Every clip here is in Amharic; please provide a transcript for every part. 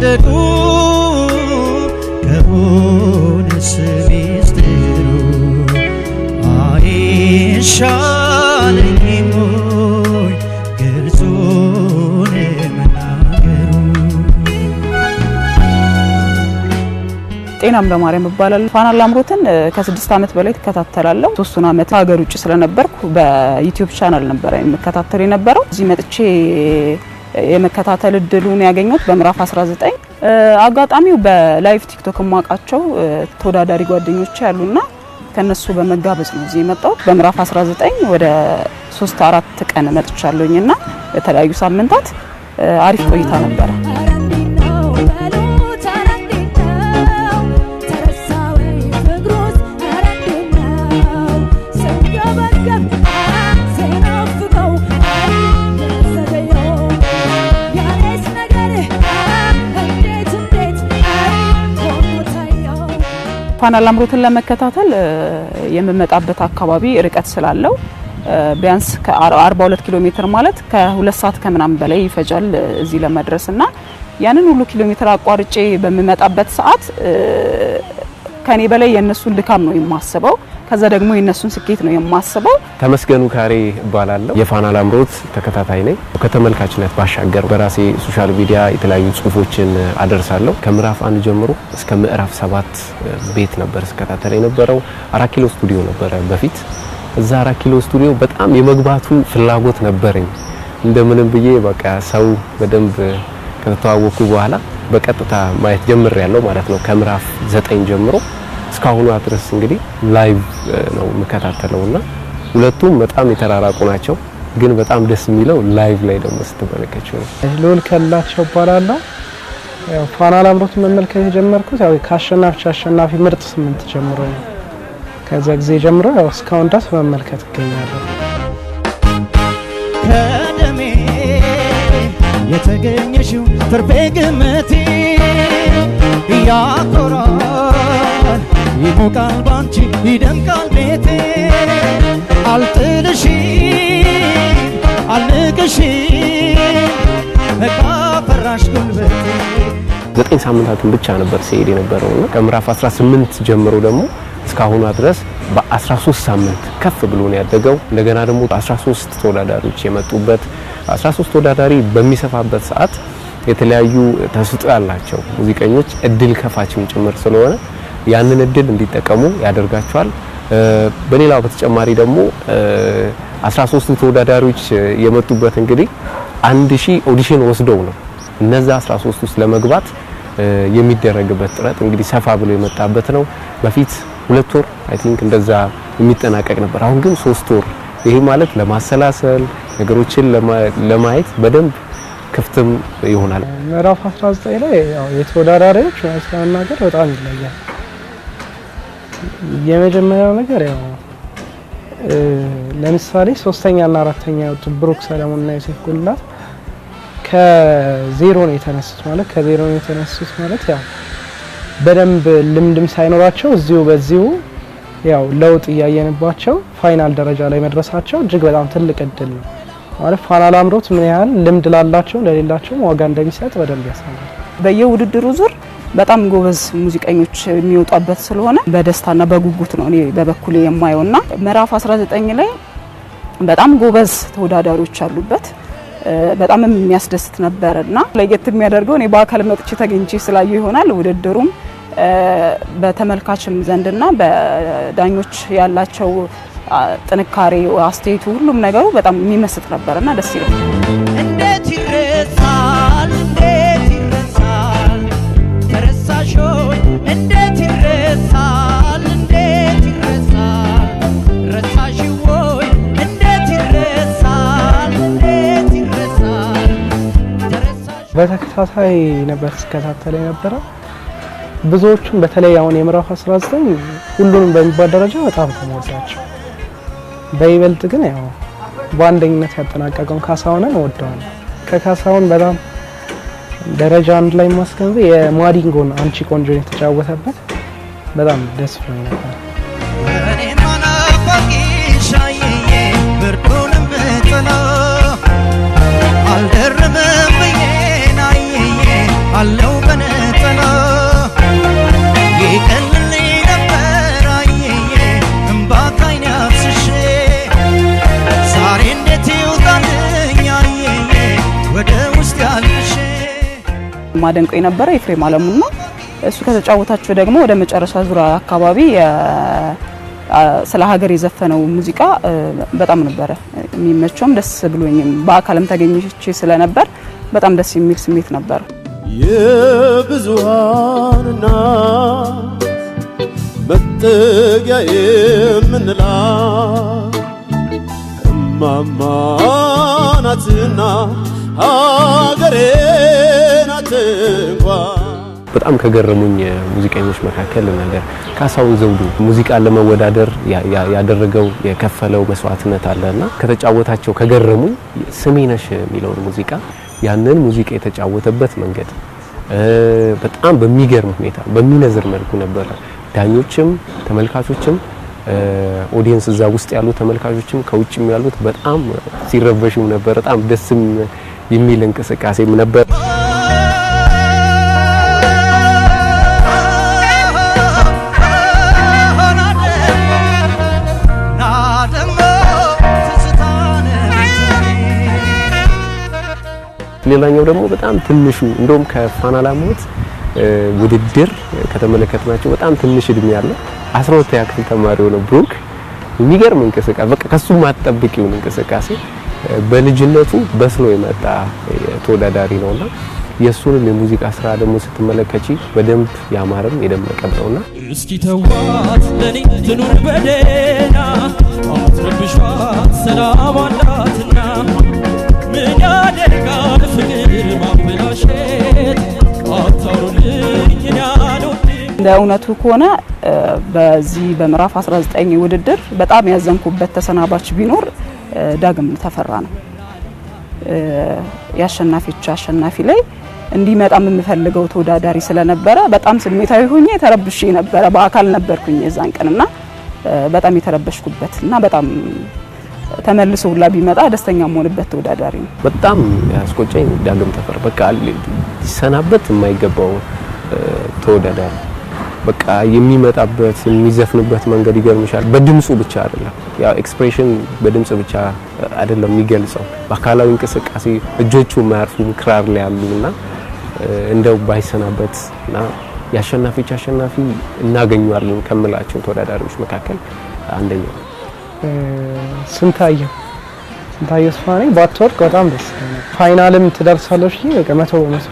መታደጉ ከሆነስ ሚስጥሩ አይሻለኝም ግልጹን መናገሩ። ጤናም ለማርያም እባላለሁ። ፋና ላምሮትን ከስድስት ዓመት በላይ ትከታተላለሁ። ሶስቱን ዓመት ሀገር ውጭ ስለነበርኩ በዩቲዩብ ቻናል ነበረ የምከታተል የነበረው። እዚህ መጥቼ የመከታተል እድሉን ያገኙት በምዕራፍ 19 አጋጣሚው በላይቭ ቲክቶክ የማውቃቸው ተወዳዳሪ ጓደኞች ያሉና ከነሱ በመጋበዝ ነው እዚህ የመጣሁት። በምዕራፍ 19 ወደ 3 አራት ቀን መጥቻለሁኝና የተለያዩ ሳምንታት አሪፍ ቆይታ ነበረ። ፓናል አምሮትን ለመከታተል የምመጣበት አካባቢ ርቀት ስላለው ቢያንስ ከ42 ኪሎ ሜትር ማለት ከሁለት ሰዓት ከምናምን በላይ ይፈጃል እዚህ ለመድረስ እና ያንን ሁሉ ኪሎ ሜትር አቋርጬ በምመጣበት ሰዓት ከኔ በላይ የእነሱን ልካም ነው የማስበው። ከዛ ደግሞ የእነሱን ስኬት ነው የማስበው። ተመስገኑ ካሬ እባላለሁ። የፋና ላምሮት ተከታታይ ነኝ። ከተመልካችነት ባሻገር በራሴ ሶሻል ሚዲያ የተለያዩ ጽሁፎችን አደርሳለሁ። ከምዕራፍ አንድ ጀምሮ እስከ ምዕራፍ ሰባት ቤት ነበር ስከታተል የነበረው። አራት ኪሎ ስቱዲዮ ነበረ በፊት። እዛ አራት ኪሎ ስቱዲዮ በጣም የመግባቱ ፍላጎት ነበረኝ። እንደምንም ብዬ በቃ ሰው በደንብ ከተዋወኩ በኋላ በቀጥታ ማየት ጀምር ያለው ማለት ነው። ከምዕራፍ ዘጠኝ ጀምሮ እስካሁኑ ድረስ እንግዲህ ላይቭ ነው የምከታተለው እና ሁለቱም በጣም የተራራቁ ናቸው፣ ግን በጣም ደስ የሚለው ላይቭ ላይ ደግሞ ስትመለከቸው ነው። ልዑል ከላቸው እባላለሁ። ያው ፋና ላምሮት መመልከት የጀመርኩት ያው ከአሸናፊ አሸናፊ ምርጥ ስምንት ጀምሮ ነው። ከዛ ጊዜ ጀምሮ ያው እስካሁን ድረስ መመልከት እገኛለሁ። የተገኘሽው ትርፌ ግምቴ ያኮራል፣ ይሞቃል ባንቺ ይደምቃል ቤቴ። አልጥልሽም አልንቅሽም እቃ ጉልበቴ። ዘጠኝ ሳምንታትን ብቻ ነበር ሲሄድ የነበረውና ከምዕራፍ 18 ጀምሮ ደግሞ እስካሁኗ ድረስ በ13 ሳምንት ከፍ ብሎ ነው ያደገው። እንደገና ደግሞ 13 ተወዳዳሪዎች የመጡበት 13 ተወዳዳሪ በሚሰፋበት ሰዓት የተለያዩ ተሰጥኦ ያላቸው ሙዚቀኞች እድል ከፋችም ጭምር ስለሆነ ያንን እድል እንዲጠቀሙ ያደርጋቸዋል። በሌላው በተጨማሪ ደግሞ 13 ተወዳዳሪዎች የመጡበት እንግዲህ አንድ ሺህ ኦዲሽን ወስደው ነው እነዛ 13 ውስጥ ለመግባት የሚደረግበት ጥረት እንግዲህ ሰፋ ብሎ የመጣበት ነው በፊት ሁለት ወር አይ ቲንክ እንደዛ የሚጠናቀቅ ነበር። አሁን ግን ሶስት ወር። ይሄ ማለት ለማሰላሰል ነገሮችን ለማየት በደንብ ክፍትም ይሆናል። ምዕራፍ 19 ላይ ያው የተወዳዳሪዎች ስለመናገር በጣም ይለያል። የመጀመሪያው ነገር ያው ለምሳሌ ሶስተኛ እና አራተኛ የወጡ ብሩክ ሰለሞን እና ዮሴፍ ጉልላት ከዜሮ ነው የተነሱት። ማለት ከዜሮ ነው የተነሱት ማለት ያው በደንብ ልምድም ሳይኖራቸው እዚሁ በዚሁ ያው ለውጥ እያየንባቸው ፋይናል ደረጃ ላይ መድረሳቸው እጅግ በጣም ትልቅ እድል ነው ማለት ፋና ላምሮት ምን ያህል ልምድ ላላቸው ለሌላቸውም ዋጋ እንደሚሰጥ በደንብ ያሳያል። በየውድድሩ ዙር በጣም ጎበዝ ሙዚቀኞች የሚወጣበት ስለሆነ በደስታና በጉጉት ነው እኔ በበኩሌ የማየውና ምዕራፍ 19 ላይ በጣም ጎበዝ ተወዳዳሪዎች አሉበት። በጣም የሚያስደስት ነበርና ለየት የሚያደርገው እኔ በአካል መጥቼ ተገኝቼ ስላየሁ ይሆናል ውድድሩም በተመልካችም ዘንድና በዳኞች ያላቸው ጥንካሬ አስተያየቱ፣ ሁሉም ነገሩ በጣም የሚመስጥ ነበርና ደስ ይላል። እንዴት ይረሳል፣ እንዴት ይረሳል፣ ተረሳሾች እንዴት ይረሳል፣ በተከታታይ ነበር ስከታተል የነበረው ብዙዎቹም በተለይ አሁን የምዕራፍ 19 ሁሉንም በሚባል ደረጃ በጣም ተወዳቸው። በይበልጥ ግን ያው በአንደኝነት ያጠናቀቀውን ካሳሁንን እወደዋለሁ። ከካሳሁን በጣም ደረጃ አንድ ላይ ማስገንዘብ የማዲንጎን አንቺ ቆንጆ የተጫወተበት በጣም ደስ ብሎኝ ነበር። ማደንቆ የነበረ ኤፍሬም አለሙን ነው። እሱ ከተጫወታችሁ ደግሞ ወደ መጨረሻ ዙር አካባቢ ስለ ሀገር የዘፈነው ሙዚቃ በጣም ነበረ የሚመቸውም ደስ ብሎኝም በአካልም ተገኝቼ ስለነበር በጣም ደስ የሚል ስሜት ነበር። የብዙሃንና መጠጊያ የምንላ እማማ ናትና ሀገሬ በጣም ከገረሙኝ ሙዚቀኞች መካከል ነገር ካሳሁን ዘውዱ ሙዚቃን ለመወዳደር ያደረገው የከፈለው መስዋዕትነት አለና ከተጫወታቸው ከገረሙኝ ስሜነሽ የሚለውን ሙዚቃ ያንን ሙዚቃ የተጫወተበት መንገድ በጣም በሚገርም ሁኔታ በሚነዝር መልኩ ነበረ። ዳኞችም ተመልካቾችም ኦዲየንስ እዛ ውስጥ ያሉ ተመልካቾችም ከውጭም ያሉት በጣም ሲረበሹም ነበር። በጣም ደስም የሚል እንቅስቃሴም ነበር። ሌላኛው ደግሞ በጣም ትንሹ እንደውም ከፋና ላምሮት ውድድር ከተመለከትናቸው በጣም ትንሽ እድሜ ያለ 12ኛ ክፍል ተማሪ የሆነ ብሩክ የሚገርም እንቅስቃሴ በቃ ከሱ ማጠብቂውን እንቅስቃሴ በልጅነቱ በስሎ የመጣ ተወዳዳሪ ነውና የእሱንም የሙዚቃ ስራ ደግሞ ስትመለከቺ በደንብ ያማረም የደመቀ ነውና እስኪ ተዋት ለኔ ትኑር በደና አትረብሿ ሰላም አላትና ምን ያደርጋል ፍቅር ማበላሸት። አታውሩልኝ ያለው እንደ እውነቱ ከሆነ በዚህ በምዕራፍ 19 ውድድር በጣም ያዘንኩበት ተሰናባች ቢኖር ዳግም ተፈራ ነው። የአሸናፊዎች አሸናፊ ላይ እንዲመጣ የምፈልገው ተወዳዳሪ ስለነበረ በጣም ስሜታዊ ሆኜ ተረብሼ ነበረ። በአካል ነበርኩኝ የዛን ቀንና በጣም የተረበሽኩበት እና በጣም ተመልሶ ሁላ ቢመጣ ደስተኛ መሆንበት ተወዳዳሪ ነው። በጣም ያስቆጨኝ ዳግም ተፈር በቃ ሊሰናበት የማይገባው ተወዳዳሪ በቃ የሚመጣበት የሚዘፍንበት መንገድ ይገርምሻል። በድምፁ ብቻ አይደለም ያው ኤክስፕሬሽን በድምፅ ብቻ አይደለም የሚገልጸው በአካላዊ እንቅስቃሴ እጆቹ ማያርፉ ክራር ላይ ያሉ እና እንደው ባይሰናበት እና የአሸናፊዎች አሸናፊ እናገኘዋለን ከምላቸው ተወዳዳሪዎች መካከል አንደኛው ስንታየው ስንታየው ስፋኔ ባትወርቅ በጣም ደስ ፋይናልም ትደርሳለች በቃ መቶ በመቶ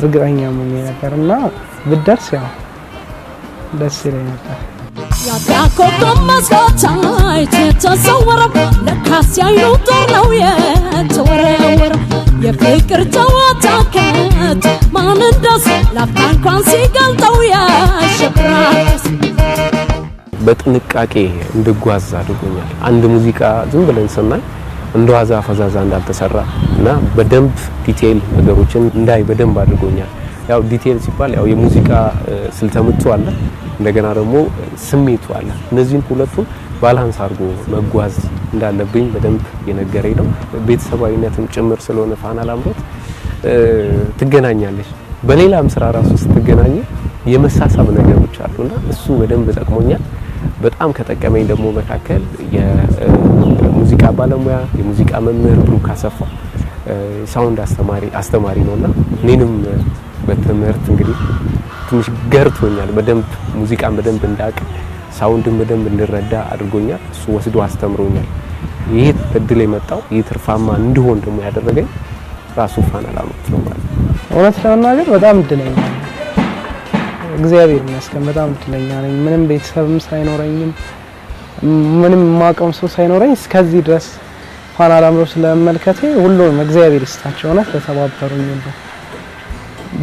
እርግጠኛ ምን ነበር እና ብደርስ ያው ደስ ይለኝ ነበር። ማን ላፍታ እንኳን ሲገልጠው በጥንቃቄ እንድጓዝ አድርጎኛል። አንድ ሙዚቃ ዝም ብለን ስናይ እንደ ዋዛ ፈዛዛ እንዳልተሰራ እና በደንብ ዲቴይል ነገሮችን እንዳይ በደንብ አድርጎኛል። ያው ዲቴይል ሲባል ያው የሙዚቃ ስልተ አለ፣ እንደገና ደግሞ ስሜቱ አለ። እነዚህን ሁለቱ ባላንስ አድርጎ መጓዝ እንዳለብኝ በደንብ የነገረኝ ነው። ቤተሰባዊነትም ጭምር ስለሆነ ፋና ላምሮት ትገናኛለች። በሌላም ስራ ራሱ ስትገናኝ የመሳሳብ ነገሮች አሉና እሱ በደንብ ጠቅሞኛል። በጣም ከጠቀመኝ ደግሞ መካከል የሙዚቃ ባለሙያ የሙዚቃ መምህር ብሩክ አሰፋ ሳውንድ አስተማሪ አስተማሪ ነው እና እኔንም በትምህርት እንግዲህ ትንሽ ገርቶኛል። በደንብ ሙዚቃን በደንብ እንዳውቅ ሳውንድን በደንብ እንድረዳ አድርጎኛል። እሱ ወስዶ አስተምሮኛል። ይህ እድል የመጣው ይህ ትርፋማ እንድሆን ደግሞ ያደረገኝ ራሱ ፋና ላምሮት ነው ማለት ነው። እውነት ለመናገር በጣም እድለኛ እግዚአብሔር ይመስገን በጣም እድለኛ ነኝ። ምንም ቤተሰብም ሳይኖረኝም ምንም ማቀም ሰው ሳይኖረኝ እስከዚህ ድረስ ፋና ላምሮት ስለመመልከቴ ሁሉንም እግዚአብሔር ይስጣቸው እውነት ለተባበሩኝ ሁሉ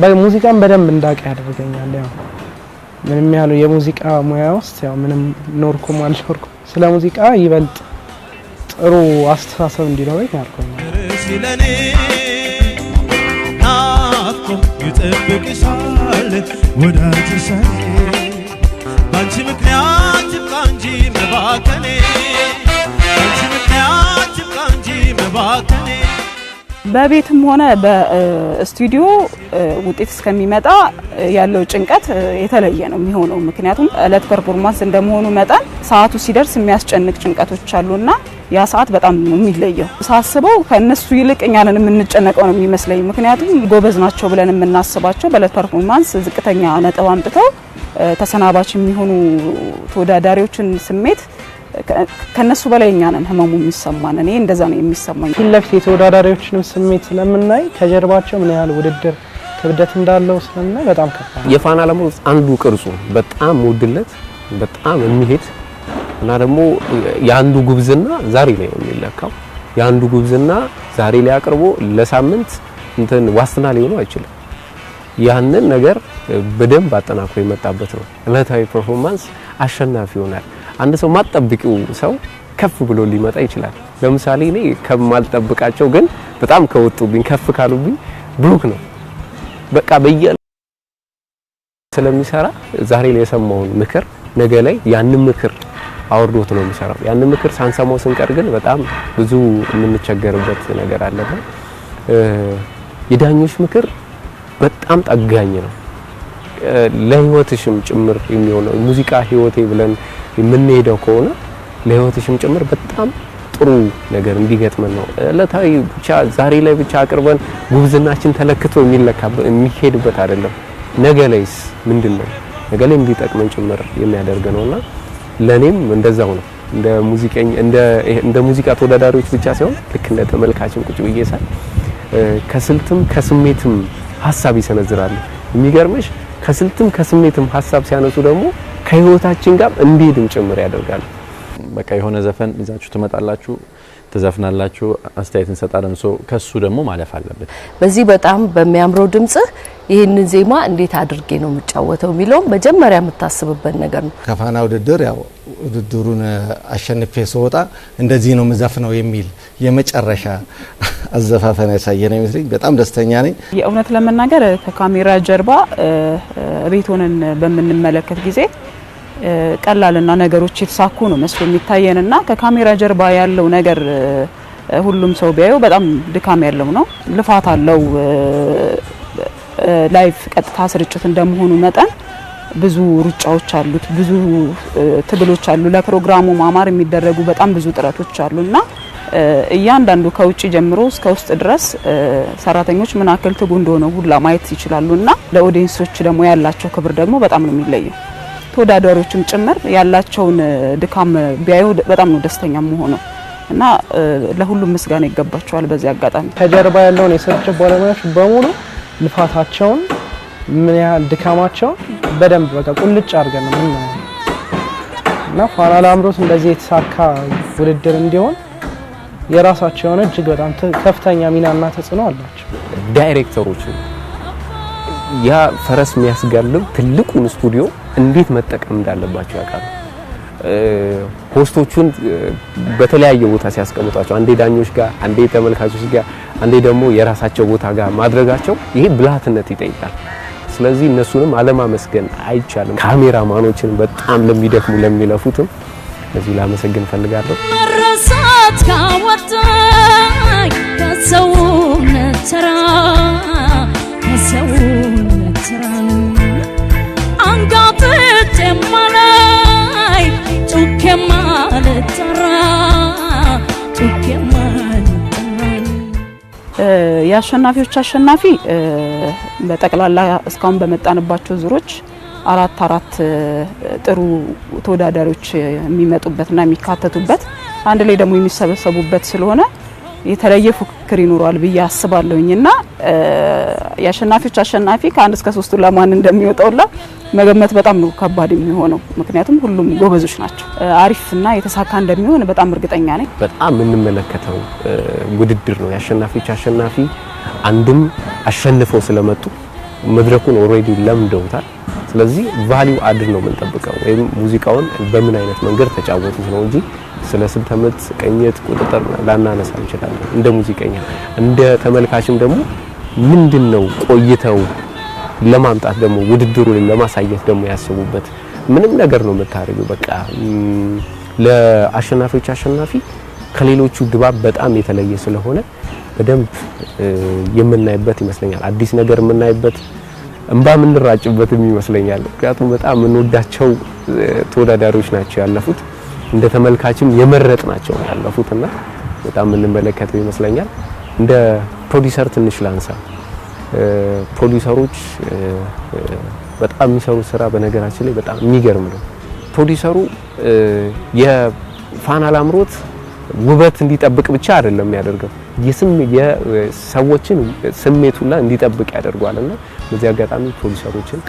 በሙዚቃም በደንብ እንዳውቅ ያደርገኛል። ያው ምንም ያህል የሙዚቃ ሙያ ውስጥ ያው ምንም ኖርኩም አልኖርኩም ስለ ሙዚቃ ይበልጥ ጥሩ አስተሳሰብ እንዲኖረኝ አድርጎኛል። እኮ ይጠብቅሻል ወዳጅ ባንቺ ምክንያት ይብቃ መባከኔ ባንቺ ምክንያት ይብቃ መባከኔ በቤትም ሆነ በስቱዲዮ ውጤት እስከሚመጣ ያለው ጭንቀት የተለየ ነው የሚሆነው። ምክንያቱም እለት ፐርፎርማንስ እንደመሆኑ መጠን ሰዓቱ ሲደርስ የሚያስጨንቅ ጭንቀቶች አሉና ያ ሰዓት በጣም ነው የሚለየው። ሳስበው ከእነሱ ይልቅ እኛንን የምንጨነቀው ነው የሚመስለኝ። ምክንያቱም ጎበዝ ናቸው ብለን የምናስባቸው በለት ፐርፎርማንስ ዝቅተኛ ነጥብ አምጥተው ተሰናባች የሚሆኑ ተወዳዳሪዎችን ስሜት ከነሱ በላይ እኛንን ህመሙ የሚሰማን። እኔ እንደዛ ነው የሚሰማኝ። ፊት ለፊት የተወዳዳሪዎችንም ስሜት ስለምናይ ከጀርባቸው ምን ያህል ውድድር ክብደት እንዳለው ስለምናይ በጣም ከፋ የፋና ለሞ አንዱ ቅርጹ በጣም ውድለት በጣም የሚሄድ እና ደግሞ የአንዱ ጉብዝና ዛሬ ላይ ነው የሚለካው። የአንዱ ጉብዝና ዛሬ ላይ አቅርቦ ለሳምንት እንትን ዋስትና ሊሆነው አይችልም። ያንን ነገር በደንብ አጠናክሮ የመጣበት ነው። እለታዊ ፐርፎርማንስ አሸናፊ ይሆናል። አንድ ሰው ማጠብቂው ሰው ከፍ ብሎ ሊመጣ ይችላል። ለምሳሌ እኔ ከማልጠብቃቸው ግን በጣም ከወጡብኝ ከፍ ካሉብኝ ብሩክ ነው። በቃ በየ ስለሚሰራ ዛሬ ላይ የሰማውን ምክር ነገ ላይ ያንን ምክር አውርዶት ነው የሚሰራው። ያንን ምክር ሳንሰማው ስንቀር ግን በጣም ብዙ የምንቸገርበት ነገር አለና የዳኞች ምክር በጣም ጠጋኝ ነው። ለህይወትሽም ጭምር የሚሆነው ሙዚቃ ህይወቴ ብለን የምንሄደው ከሆነ ለህይወትሽም ጭምር በጣም ጥሩ ነገር እንዲገጥመን ነው። እለታዊ ብቻ ዛሬ ላይ ብቻ አቅርበን ጉብዝናችን ተለክቶ የሚለካበት የሚሄድበት አይደለም። ነገ ላይስ ምንድን ነው? ነገ ላይ እንዲጠቅመን ጭምር የሚያደርግ ነውና ለኔም እንደዛው ነው። እንደ ሙዚቀኛ እንደ ሙዚቃ ተወዳዳሪዎች ብቻ ሳይሆን ልክ እንደ ተመልካችን ቁጭ ብዬ ሳይ ከስልትም ከስሜትም ሀሳብ ይሰነዝራሉ። የሚገርምሽ ከስልትም ከስሜትም ሀሳብ ሲያነሱ ደግሞ ከህይወታችን ጋር እንዲሄድም ጭምር ያደርጋሉ። በቃ የሆነ ዘፈን ይዛችሁ ትመጣላችሁ ትዘፍናላችሁ፣ አስተያየት እንሰጣለን። ሶ ከሱ ደግሞ ማለፍ አለብን። በዚህ በጣም በሚያምረው ድምጽህ ይህንን ዜማ እንዴት አድርጌ ነው የምጫወተው የሚለውም መጀመሪያ የምታስብበት ነገር ነው። ከፋና ውድድር ያው ውድድሩን አሸንፌ ስወጣ እንደዚህ ነው ምዘፍነው የሚል የመጨረሻ አዘፋፈን ያሳየ ነው ይመስለኝ። በጣም ደስተኛ ነኝ። የእውነት ለመናገር ከካሜራ ጀርባ ቤቶንን በምንመለከት ጊዜ ቀላልና ነገሮች የተሳኩ ነው መስሎ የሚታየን እና ከካሜራ ጀርባ ያለው ነገር ሁሉም ሰው ቢያየው በጣም ድካም ያለው ነው፣ ልፋት አለው። ላይቭ ቀጥታ ስርጭት እንደመሆኑ መጠን ብዙ ሩጫዎች አሉት፣ ብዙ ትግሎች አሉ። ለፕሮግራሙ ማማር የሚደረጉ በጣም ብዙ ጥረቶች አሉ እና እያንዳንዱ ከውጭ ጀምሮ እስከ ውስጥ ድረስ ሰራተኞች ምን አክል ትጉ እንደሆነ ሁላ ማየት ይችላሉ እና ለኦዲየንሶች ደግሞ ያላቸው ክብር ደግሞ በጣም ነው የሚለየው። ተወዳዳሪዎችም ጭምር ያላቸውን ድካም ቢያዩ በጣም ነው ደስተኛ መሆነው እና ለሁሉም ምስጋና ይገባቸዋል። በዚህ አጋጣሚ ከጀርባ ያለውን የስርጭት ባለሙያዎች በሙሉ ልፋታቸውን፣ ምን ያህል ድካማቸውን በደንብ በቃ ቁልጭ አድርገን ነው እና ፋና ላምሮት እንደዚህ የተሳካ ውድድር እንዲሆን የራሳቸው የሆነ እጅግ በጣም ከፍተኛ ሚናና ተጽዕኖ አላቸው። ዳይሬክተሮቹ ያ ፈረስ የሚያስጋልብ ትልቁን ስቱዲዮ እንዴት መጠቀም እንዳለባቸው ያውቃሉ። ሆስቶቹን በተለያየ ቦታ ሲያስቀምጧቸው አንዴ ዳኞች ጋር፣ አንዴ ተመልካቾች ጋር፣ አንዴ ደግሞ የራሳቸው ቦታ ጋር ማድረጋቸው ይሄ ብልሃትነት ይጠይቃል። ስለዚህ እነሱንም አለማመስገን አይቻልም። ካሜራማኖችን በጣም ለሚደክሙ ለሚለፉትም እዚህ ላመሰግን እፈልጋለሁ። የአሸናፊዎች አሸናፊ በጠቅላላ እስካሁን በመጣንባቸው ዙሮች አራት አራት ጥሩ ተወዳዳሪዎች የሚመጡበትና የሚካተቱበት አንድ ላይ ደግሞ የሚሰበሰቡበት ስለሆነ የተለየ ፉክክር ይኖረዋል ብዬ አስባለሁኝ እና የአሸናፊዎች አሸናፊ ከአንድ እስከ ሶስቱ ለማን እንደሚወጣውላ መገመት በጣም ነው ከባድ የሚሆነው። ምክንያቱም ሁሉም ጎበዞች ናቸው። አሪፍና የተሳካ እንደሚሆን በጣም እርግጠኛ ነኝ። በጣም የምንመለከተው ውድድር ነው። የአሸናፊዎች አሸናፊ አንዱም አሸንፈው ስለመጡ መድረኩን ኦልሬዲ ለምደውታል። ስለዚህ ቫሊው አድር ነው የምንጠብቀው ወይም ሙዚቃውን በምን አይነት መንገድ ተጫወቱት ነው እንጂ ስለ ስልተ ምት፣ ቅኝት፣ ቁጥጥር ላናነሳ እንችላለን። እንደ ሙዚቀኛ እንደ ተመልካችም ደግሞ ምንድን ነው ቆይተው ለማምጣት ደግሞ ውድድሩን ለማሳየት ደግሞ ያስቡበት ምንም ነገር ነው የምታደርገው። በቃ ለአሸናፊዎች አሸናፊ ከሌሎቹ ድባብ በጣም የተለየ ስለሆነ በደንብ የምናይበት ይመስለኛል። አዲስ ነገር የምናይበት እንባ የምንራጭበትም ይመስለኛል። ምክንያቱም በጣም የምንወዳቸው ተወዳዳሪዎች ናቸው ያለፉት፣ እንደ ተመልካችም የመረጥ ናቸው ያለፉት እና በጣም የምንመለከተው ይመስለኛል። እንደ ፕሮዲሰር ትንሽ ላንሳ። ፕሮዲሰሮች በጣም የሚሰሩት ስራ በነገራችን ላይ በጣም የሚገርም ነው። ፕሮዲሰሩ የፋና ላምሮት ውበት እንዲጠብቅ ብቻ አይደለም የሚያደርገው የሰዎችን ስሜቱና እንዲጠብቅ ያደርጓልና በዚህ አጋጣሚ ፕሮዲሰሮችን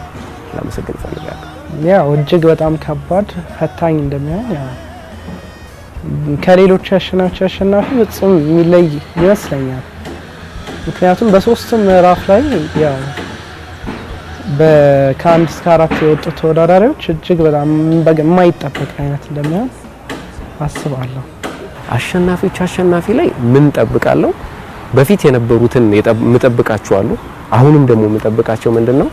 ላመሰግን እፈልጋለሁ። ያው እጅግ በጣም ከባድ ፈታኝ እንደሚሆን ያው ከሌሎች አሸናፊ አሸናፊ ፍጹም የሚለይ ይመስለኛል። ምክንያቱም በሶስቱም ምዕራፍ ላይ ያው ከአንድ እስከ አራት የወጡ ተወዳዳሪዎች እጅግ በጣም የማይጠበቅ አይነት እንደሚሆን አስባለሁ። አሸናፊዎች አሸናፊ ላይ ምን ጠብቃለሁ? በፊት የነበሩትን የምጠብቃቸዋለሁ አሁንም ደግሞ የምጠብቃቸው ምንድን ነው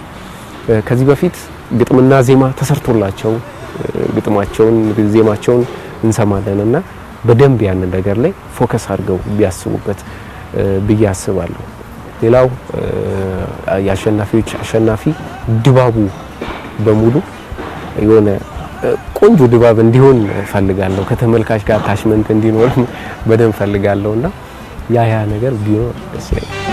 ከዚህ በፊት ግጥምና ዜማ ተሰርቶላቸው ግጥማቸውን ዜማቸውን እንሰማለን እና በደንብ ያንን ነገር ላይ ፎከስ አድርገው ቢያስቡበት ብዬ አስባለሁ። ሌላው የአሸናፊዎች አሸናፊ ድባቡ በሙሉ የሆነ ቆንጆ ድባብ እንዲሆን ፈልጋለሁ። ከተመልካች ጋር አታችመንት እንዲኖር በደንብ ፈልጋለሁና ያ ያ ነገር ቢኖር ደስ ይለኛል።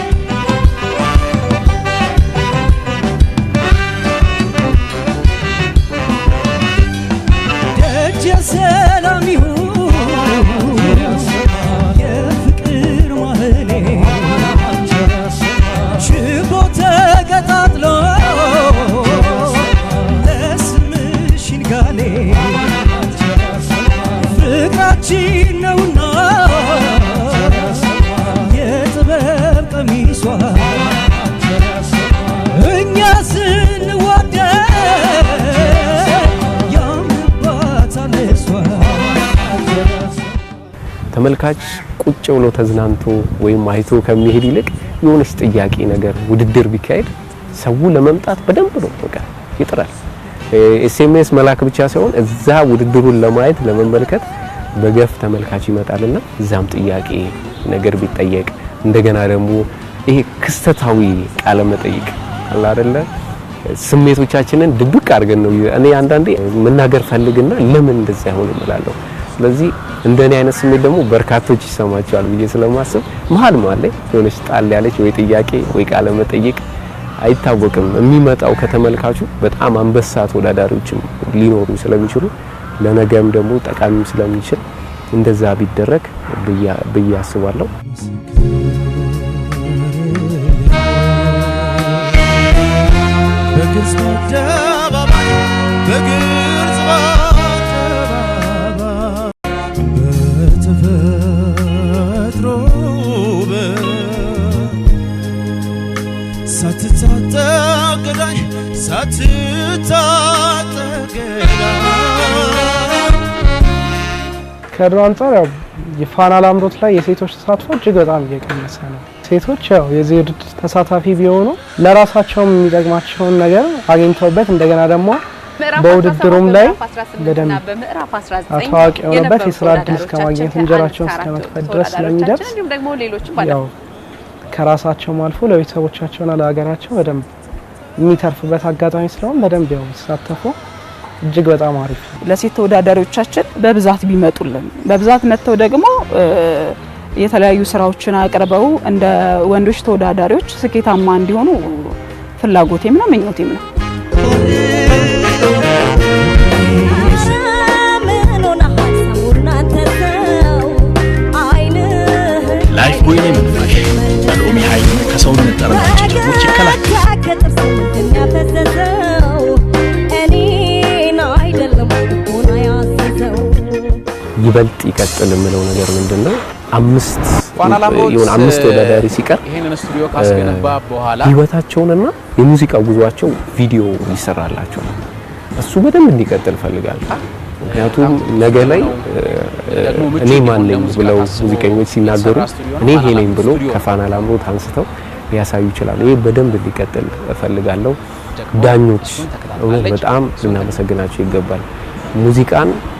ተመልካች ቁጭ ብሎ ተዝናንቶ ወይም አይቶ ከሚሄድ ይልቅ የሆነች ጥያቄ ነገር ውድድር ቢካሄድ ሰው ለመምጣት በደንብ ነው በቃ ይጥራል። ኤስኤምኤስ መላክ ብቻ ሳይሆን እዛ ውድድሩን ለማየት ለመመልከት በገፍ ተመልካች ይመጣልና እዛም ጥያቄ ነገር ቢጠየቅ እንደገና ደግሞ ይሄ ክስተታዊ ቃለ መጠይቅ አለ አይደለ? ስሜቶቻችንን ድብቅ አድርገን ነው እኔ አንዳንዴ መናገር ፈልግና ለምን እንደዚህ ይሆን እላለሁ። ስለዚህ እንደኔ አይነት ስሜት ደግሞ በርካቶች ይሰማቸዋል ብዬ ስለማስብ መሀል መሀል ላይ የሆነች ጣል ያለች ወይ ጥያቄ ወይ ቃለ መጠይቅ አይታወቅም የሚመጣው ከተመልካቹ በጣም አንበሳ ተወዳዳሪዎችም ሊኖሩ ስለሚችሉ ለነገም ደግሞ ጠቃሚም ስለሚችል እንደዛ ቢደረግ ብዬ አስባለሁ። በግልጽ ከድሮ አንጻር ያው የፋና ላምሮት ላይ የሴቶች ተሳትፎ እጅግ በጣም እየቀነሰ ነው። ሴቶች ያው የዚህ ውድድር ተሳታፊ ቢሆኑ ለራሳቸውም የሚጠቅማቸውን ነገር አግኝተውበት እንደገና ደግሞ በውድድሩም ላይ በደንብ ታዋቂ የሆኑበት የስራ እድል እስከማግኘት እንጀራቸውን እስከመክፈት ድረስ ስለሚደርስ ያው ከራሳቸውም አልፎ ለቤተሰቦቻቸውና ለሀገራቸው በደንብ የሚተርፉበት አጋጣሚ ስለሆን በደንብ ያው ሲሳተፉ እጅግ በጣም አሪፍ ነው። ለሴት ተወዳዳሪዎቻችን በብዛት ቢመጡልን በብዛት መጥተው ደግሞ የተለያዩ ስራዎችን አቅርበው እንደ ወንዶች ተወዳዳሪዎች ስኬታማ እንዲሆኑ ፍላጎቴም ነው ምኞቴም ነው። ላይፍ ቦይ ነው የምንፋሽ በሎሚ ከሰውነት ይበልጥ ይቀጥል የምለው ነገር ምንድን ነው? አምስት ይሁን አምስት ወዳዳሪ ሲቀር ህይወታቸውንና የሙዚቃ ጉዟቸው ቪዲዮ ይሰራላቸው። እሱ በደንብ እንዲቀጥል ፈልጋለሁ። ምክንያቱም ነገ ላይ እኔ ማን ነኝ ብለው ሙዚቀኞች ሲናገሩ እኔ ይሄ ነኝ ብሎ ከፋና ላምሮት አንስተው ሊያሳዩ ይችላሉ። ይሄ በደንብ እንዲቀጥል እፈልጋለሁ። ዳኞች እውነት በጣም ልናመሰግናቸው ይገባል። ሙዚቃን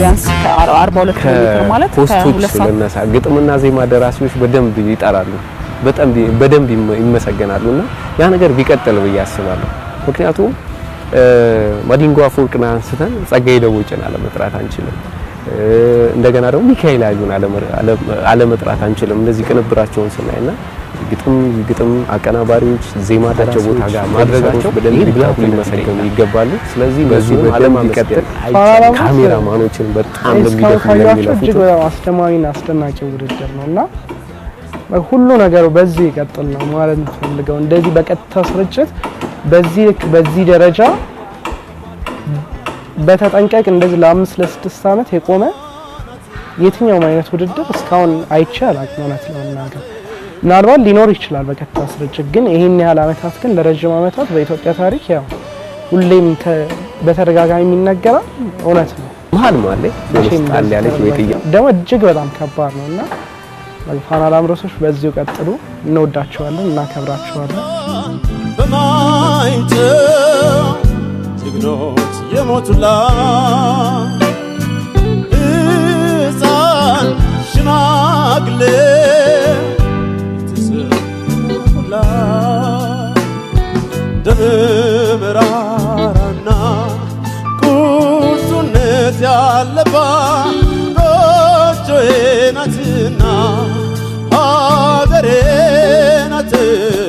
ቢያንስ ከ42 ኪሎ ሜትር ማለት ከሁለት ልነሳ። ግጥምና ዜማ ደራሲዎች በደንብ ይጠራሉ፣ በደንብ ይመሰገናሉ እና ያ ነገር ቢቀጥል ብዬ አስባለሁ። ምክንያቱም ማዲንጎ አፈወርቅን አንስተን ጸጋዬ ደቦጭን አለመጥራት አንችልም። እንደገና ደግሞ ሚካኤል አዩን አለመጥራት አንችልም። እንደዚህ ቅንብራቸውን ስናይና ግጥም ግጥም አቀናባሪዎች ዜማ ተጫወታ ጋር ማድረጋቸው በደንብ ብላክ ሊመሰገኑ ይገባሉ። ስለዚህ በዚህ በዓለም ይቀጥል። ካሜራማኖችን በጣም ለሚለፉት በሚደፉ አስደማሚና አስደናቂ ውድድር ነው እና ሁሉ ነገር በዚህ ይቀጥል ነው ማለት የምፈልገው። እንደዚህ በቀጥታ ስርጭት በዚህ ልክ በዚህ ደረጃ በተጠንቀቅ እንደዚህ ለአምስት ለስድስት ዓመት የቆመ የትኛውም አይነት ውድድር እስካሁን አይቼ አላውቅም እውነት ለመናገር ምናልባት ሊኖር ይችላል በቀጥታ ስርጭት። ግን ይህን ያህል አመታት ግን ለረዥም አመታት በኢትዮጵያ ታሪክ ያው ሁሌም በተደጋጋሚ የሚነገራል እውነት ነው። መሀል ማለ ደግሞ እጅግ በጣም ከባድ ነው እና ፋና ላምሮሶች በዚሁ ቀጥሉ። እንወዳቸዋለን፣ እናከብራቸዋለን። በማይተው ጀግኖች የሞቱላ ሕፃን ሽማግሌ ተሞላ ደምራራና ቁርሱነት ያለባ ጎጆዬ ናትና ሀገሬ ናት